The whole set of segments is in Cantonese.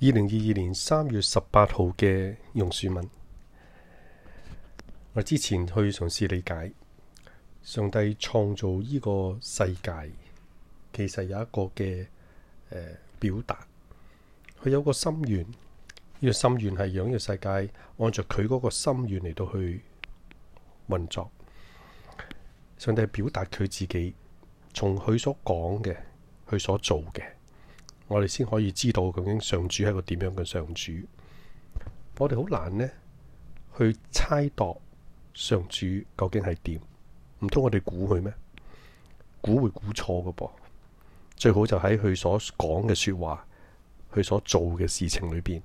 二零二二年三月十八號嘅榕樹文，我之前去嘗試理解上帝創造呢個世界，其實有一個嘅、呃、表達，佢有個心願，呢、這個心願係讓呢個世界按照佢嗰個心願嚟到去運作。上帝係表達佢自己，從佢所講嘅，佢所做嘅。我哋先可以知道究竟上主係一個點樣嘅上主，我哋好難呢去猜度上主究竟係點，唔通我哋估佢咩？估會估錯嘅噃，最好就喺佢所講嘅說話，佢所做嘅事情裏邊，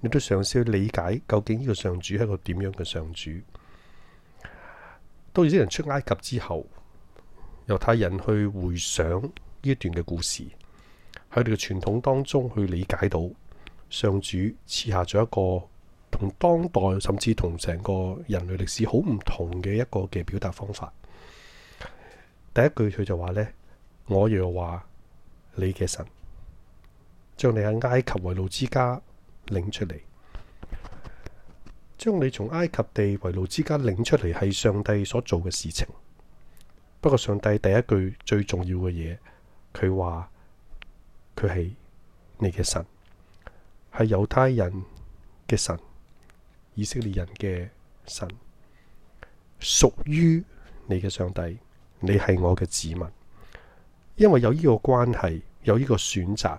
你都嘗試去理解究竟呢個上主係一個點樣嘅上主。到有啲人出埃及之後，猶太人去回想呢一段嘅故事。喺你嘅傳統當中去理解到，上主賜下咗一個同當代甚至同成個人類歷史好唔同嘅一個嘅表達方法。第一句，佢就話：呢我若話你嘅神將你喺埃及為奴之家領出嚟，將你從埃及地為奴之家領出嚟，係上帝所做嘅事情。不過上帝第一句最重要嘅嘢，佢話。佢係你嘅神，係猶太人嘅神，以色列人嘅神，屬於你嘅上帝。你係我嘅子民，因為有呢個關係，有呢個選擇，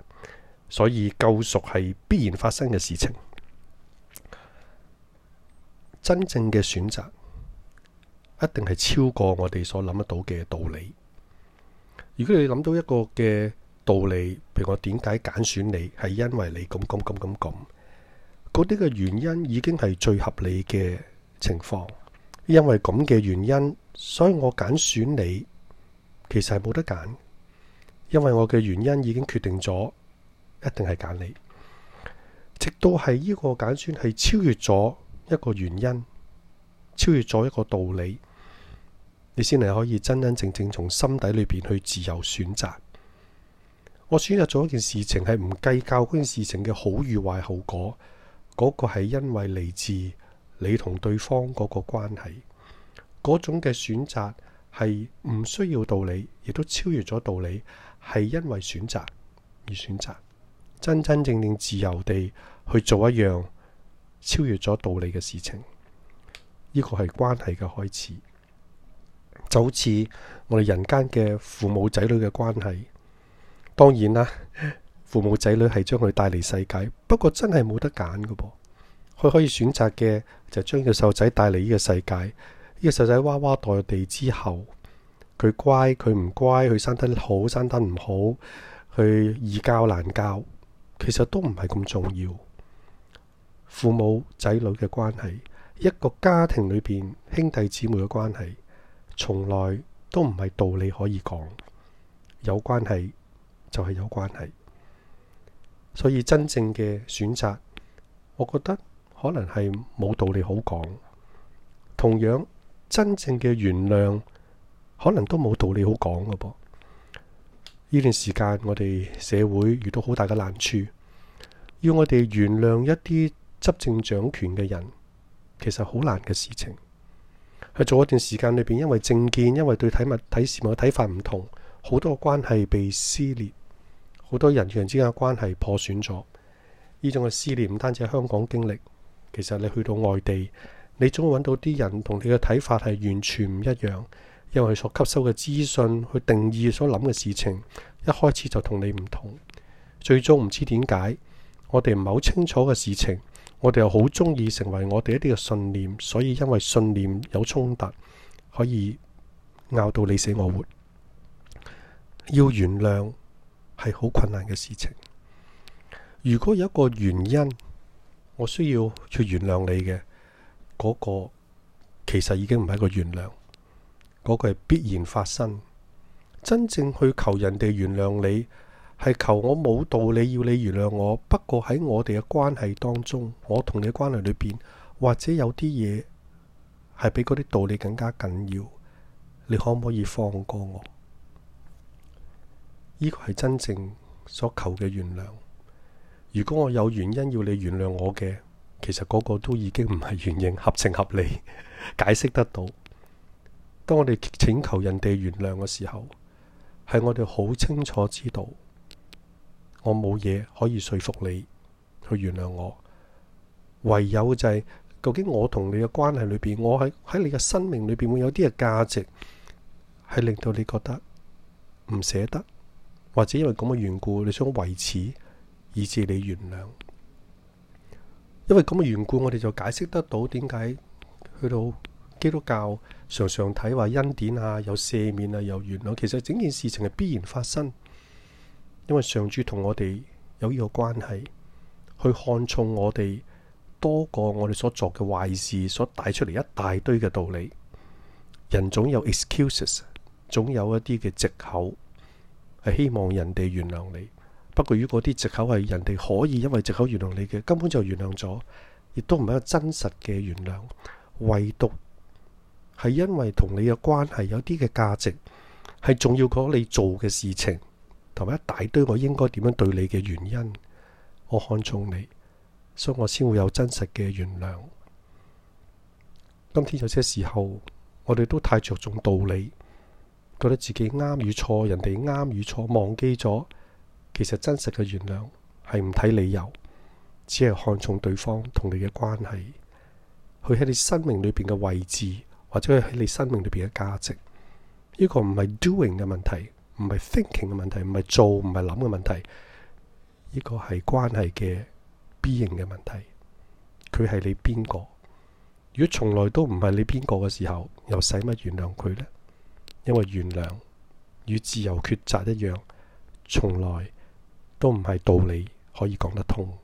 所以救贖係必然發生嘅事情。真正嘅選擇一定係超過我哋所諗得到嘅道理。如果你諗到一個嘅，道理，譬如我點解揀選你，係因為你咁咁咁咁咁，嗰啲嘅原因已經係最合理嘅情況。因為咁嘅原因，所以我揀選你，其實係冇得揀。因為我嘅原因已經決定咗，一定係揀你。直到係呢個揀選係超越咗一個原因，超越咗一個道理，你先係可以真真正正從心底裏面去自由選擇。我選擇做一件事情係唔計較嗰件事情嘅好與壞後果，嗰、那個係因為嚟自你同對方嗰個關係，嗰種嘅選擇係唔需要道理，亦都超越咗道理，係因為選擇而選擇，真真正正自由地去做一樣超越咗道理嘅事情，呢、這個係關係嘅開始，就好似我哋人間嘅父母仔女嘅關係。當然啦，父母仔女係將佢帶嚟世界，不過真係冇得揀㗎噃。佢可以選擇嘅就將呢個細仔帶嚟呢個世界。呢個細仔娃娃代地之後，佢乖佢唔乖，佢生得好生得唔好，佢易教難教，其實都唔係咁重要。父母仔女嘅關係，一個家庭裏邊兄弟姊妹嘅關係，從來都唔係道理可以講有關係。就係有關係，所以真正嘅選擇，我覺得可能係冇道理好講。同樣，真正嘅原諒，可能都冇道理好講嘅噃。呢段時間，我哋社會遇到好大嘅難處，要我哋原諒一啲執政掌權嘅人，其實好難嘅事情。喺前一段時間裏邊，因為政見，因為對事物睇事物嘅睇法唔同，好多關係被撕裂。好多人與人之間嘅關係破損咗，呢種嘅思念唔單止喺香港經歷，其實你去到外地，你總會揾到啲人同你嘅睇法係完全唔一樣，因為佢所吸收嘅資訊、佢定義、所諗嘅事情，一開始就同你唔同，最終唔知點解，我哋唔係好清楚嘅事情，我哋又好中意成為我哋一啲嘅信念，所以因為信念有衝突，可以拗到你死我活，要原諒，係好困難嘅事情。如果有一個原因，我需要去原諒你嘅嗰個，其實已經唔係一個原諒，嗰個係必然發生。真正去求人哋原諒你，係求我冇道理要你原諒我。不過喺我哋嘅關係當中，我同你關係裏邊，或者有啲嘢係比嗰啲道理更加緊要。你可唔可以放過我？呢個係真正所求嘅原諒。如果我有原因要你原諒我嘅，其實嗰個都已經唔係原因，合情合理，解釋得到。當我哋請求人哋原諒嘅時候，係我哋好清楚知道我冇嘢可以説服你去原諒我，唯有就係、是、究竟我同你嘅關係裏邊，我喺喺你嘅生命裏邊會有啲嘅價值係令到你覺得唔捨得。或者因為咁嘅緣故，你想維持以致你原諒。因為咁嘅緣故，我哋就解釋得到點解去到基督教常常睇話恩典啊，有赦免啊，有原諒。其實整件事情係必然發生，因為上主同我哋有呢個關係，去看重我哋多過我哋所做嘅壞事，所帶出嚟，一大堆嘅道理。人總有 excuses，總有一啲嘅借口。係希望人哋原諒你，不過如果啲借口係人哋可以因為借口原諒你嘅，根本就原諒咗，亦都唔係一個真實嘅原諒。唯獨係因為同你嘅關係有啲嘅價值，係重要過你做嘅事情，同埋一大堆我應該點樣對你嘅原因，我看重你，所以我先會有真實嘅原諒。今天有些時候，我哋都太着重道理。覺得自己啱與錯，人哋啱與錯，忘記咗其實真實嘅原諒係唔睇理由，只係看重對方同你嘅關係，佢喺你生命裏邊嘅位置，或者佢喺你生命裏邊嘅價值。呢個唔係 doing 嘅問題，唔係 thinking 嘅問題，唔係做唔係諗嘅問題。呢個係關係嘅 being 嘅問題。佢係你邊個？如果從來都唔係你邊個嘅時候，又使乜原諒佢呢？因為原諒與自由抉擇一樣，從來都唔係道理可以講得通。呢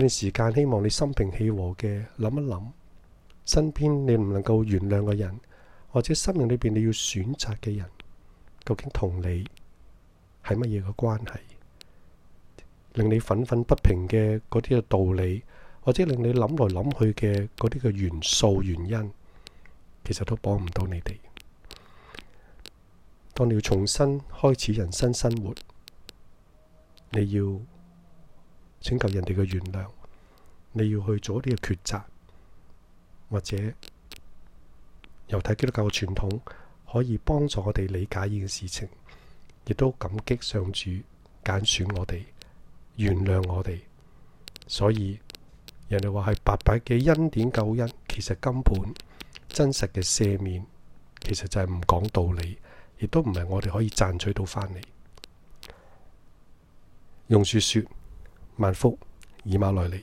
段時間，希望你心平氣和嘅諗一諗，身邊你唔能夠原諒嘅人，或者生命裏邊你要選擇嘅人，究竟同你係乜嘢嘅關係，令你憤憤不平嘅嗰啲嘅道理，或者令你諗來諗去嘅嗰啲嘅元素原因，其實都幫唔到你哋。當你要重新開始人生生活，你要請求人哋嘅原諒，你要去做啲嘅抉擇，或者由睇基督教嘅傳統可以幫助我哋理解呢件事情，亦都感激上主揀選我哋，原諒我哋。所以人哋話係白白嘅恩典救恩，其實根本真實嘅赦免，其實就係唔講道理。亦都唔係我哋可以賺取到翻嚟。用説説萬福，以馬內利。